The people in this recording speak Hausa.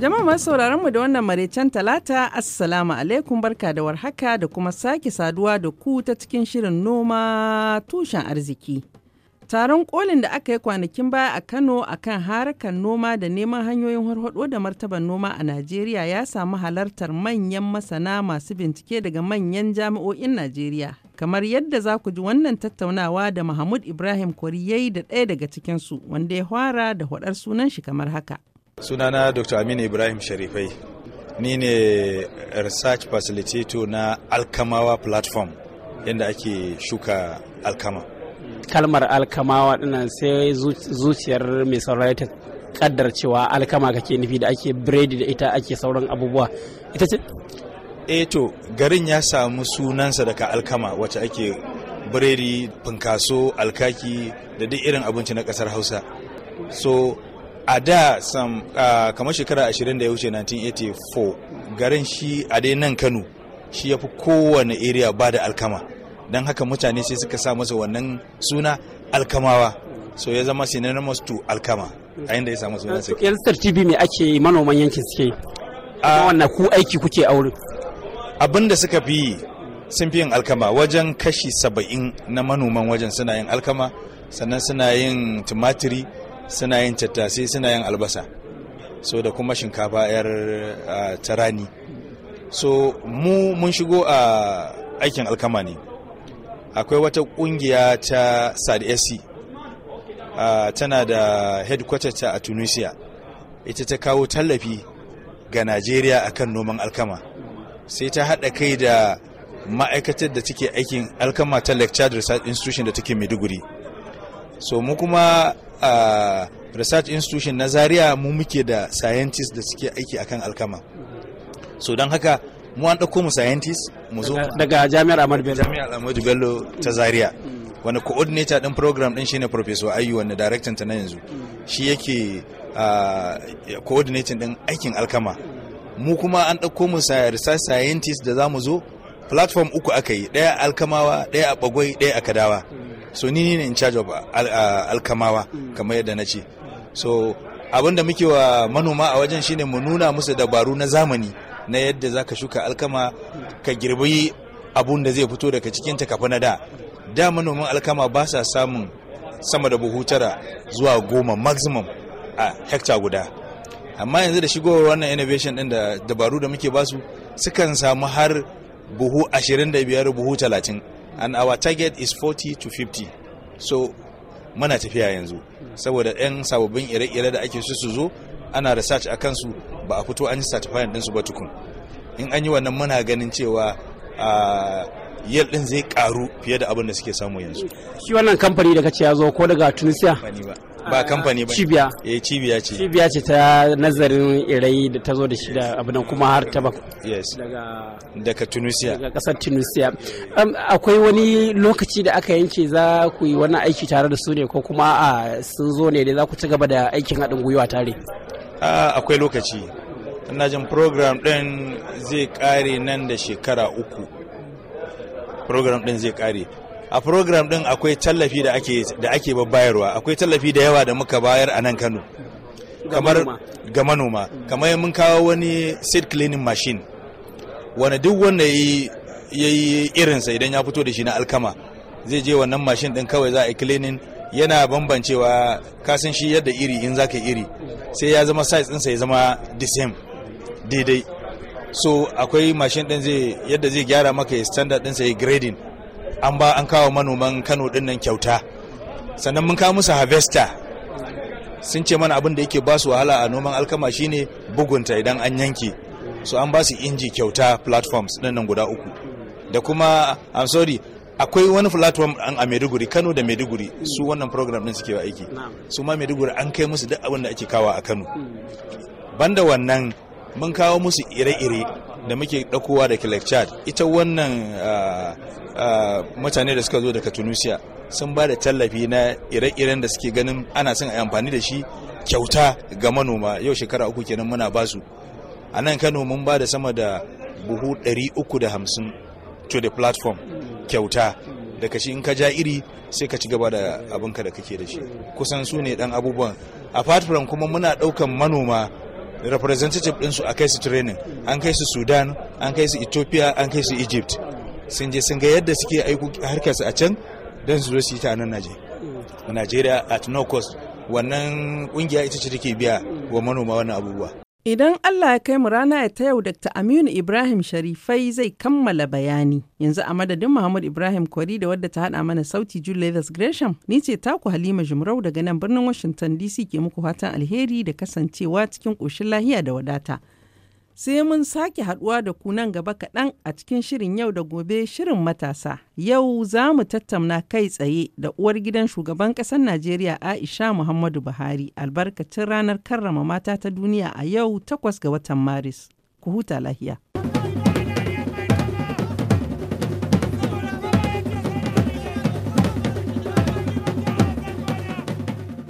Jama'a masu sauraron mu da wannan maraicen talata assalamu alaikum barka da warhaka da kuma sake saduwa da ku ta cikin shirin noma tushen arziki. Taron kolin da aka yi kwanakin baya a Kano akan harkar noma da neman hanyoyin harhaɗo da martaban noma a Najeriya ya samu halartar manyan masana masu bincike daga manyan jami'o'in Najeriya. Kamar yadda za ku ji wannan tattaunawa da Mahmud Ibrahim Koriyai da ɗaya daga cikinsu wanda ya fara da hudar sunan shi kamar haka. Sunana Dr. Aminu Ibrahim Sharifai. Ni ne Research Facilitator na Alkamawa Platform yadda ake shuka alkama. Kalmar alkamawa dinnan sai zuciyar mai saurari ta kaddar cewa alkama kake nufi da ake biredi da ita ake sauran abubuwa. Ita ce? E to garin ya samu sunansa daga alkama wacce ake biredi, funkaso, alkaki da duk irin abinci na kasar Hausa. So a da sam kamar shekara 20 da ya wuce 1984 garin shi a dai nan kano shi ya fi kowane area ba da alkama don haka mutane sai suka sa masa wannan suna alkamawa so ya zama synonymous to alkama a yadda ya samu sunan sa yanzu TV me ake manoman yankin suke a wannan ku aiki kuke aure abin da suka fi sun fi yin alkama wajen kashi saba'in na manoman wajen suna yin alkama sannan suna yin tumatiri suna yin tattasai suna yin albasa so da kuma shinkafa 'yar rani so mu mun shigo a aikin alkama ne akwai wata kungiya ta sc tana da headquarter ta a tunisia ita ta kawo tallafi ga najeriya akan noman alkama sai ta haɗa kai da ma'aikatar da take aikin alkama ta lecture research institution da take maiduguri so mu kuma a research institution na zaria mu muke da scientists da suke aiki akan alkama so don haka mu an ɗauko mu scientist mu zo daga jami'ar Ahmadu Bello jami'ar Ahmadu Bello ta Zaria mm. wani coordinator din program din shine professor Ayu wanda director ta na yanzu mm. shi yake coordinating din aikin alkama mu kuma an ɗauko mu research scientist da za mu zo platform uku aka yi ɗaya alkamawa ɗaya a bagwai ɗaya a kadawa mm. so ni ne in charge of uh, uh, alkamawa kamar yadda na ce so abin da muke wa manoma a wajen shine mu nuna musu dabaru na zamani na yadda za ka shuka alkama ka girbi abun da zai fito daga cikin ta kafa na da da manoman alkama ba sa samun sama da buhu tara zuwa goma maximum a hekta guda amma yanzu da shigowar wannan innovation din da dabaru da muke basu sukan samu har buhu 25 buhu talatin. and our target is 40 to 50 so muna tafiya yanzu saboda yan sababbin ire-ire da ake su su zo ana research a kansu ba a fito an yi certifying ɗinsu ba tukun in an yi wannan muna ganin cewa yel ɗin zai karu fiye da abin da suke samu yanzu shi wannan kamfani da kace ya ko daga tunisia ba kamfani ba cibiya eh cibiya ce cibiya ce ta nazarin irai da ta zo da shi da abu nan kuma har ta ba yes daga daga tunisia daga kasar tunisia akwai wani lokaci da aka yanke za ku yi wani aiki tare da su ne ko kuma a sun zo ne da za ku ci gaba da aikin haɗin gwiwa tare akwai lokaci ina jin program ɗin zai ƙare nan da shekara uku program ɗin zai ƙare a program din akwai tallafi da ake da ake babbayarwa akwai tallafi da yawa da muka bayar a nan Kano kamar ga manoma kamar mun kawo wani seed cleaning machine wanda duk wanda ya yi irinsa idan ya fito da shi na alkama zai je wannan machine din kawai za a yi cleaning yana bambancewa kasan shi yadda iri in za ka iri sai ya zama size ɗinsa ya zama the same daidai so akwai machine ɗin zai yadda zai gyara maka ya standard ɗinsa ya grading an ba an kawo manoman kano din nan kyauta sannan mun kawo musu Harvesta sun ce mana abin da yake ba su wahala a noman alkama shine bugunta idan an yanke so an ba su inji kyauta platforms din nan guda uku da kuma i'm sorry akwai wani platform a maiduguri kano da maiduguri su wannan program din suke aiki su ma maiduguri an kai musu duk abin da ake kawo a kano banda wannan mun kawo musu ire-ire da muke ɗaukowa da lake chad ita wannan ah, ah, mutane da suka zo daga tunisia sun ba da tallafi na ire-iren da suke ganin ana son a yi amfani da shi kyauta ga manoma yau shekara uku kenan muna basu a nan kano mun ba da sama da buhu 350 to the platform kyauta daga shi in ka ja iri sai ka ci gaba da abinka da kake da shi kusan su ne dan abubuwan a from kuma muna daukan manoma representative su a kai su training an kai su sudan an kai su ethiopia an kai su egypt sun je sun ga yadda suke aiko su a can don su zo su yi ta nan najeriya at no cost wannan kungiya ita ce take biya wa manoma wannan abubuwa Idan Allah ya kai mu rana ya ta yau Dr. Aminu Ibrahim Sharifai zai kammala bayani. Yanzu a madadin Muhammad Ibrahim Kwari da wadda ta haɗa mana sauti Julius Gresham, ni ce taku Halima Jumrau daga nan birnin Washington DC ke muku fatan alheri da kasancewa cikin ƙoshin lahiya da wadata. Sai mun sake haduwa da ku nan gaba kaɗan a cikin shirin yau da gobe shirin matasa. Yau za mu tattauna kai tsaye da uwar gidan shugaban ƙasar Najeriya Aisha Muhammadu Buhari albarkacin ranar karrama mata ta duniya a yau takwas ga watan Maris. Ku huta lahiya.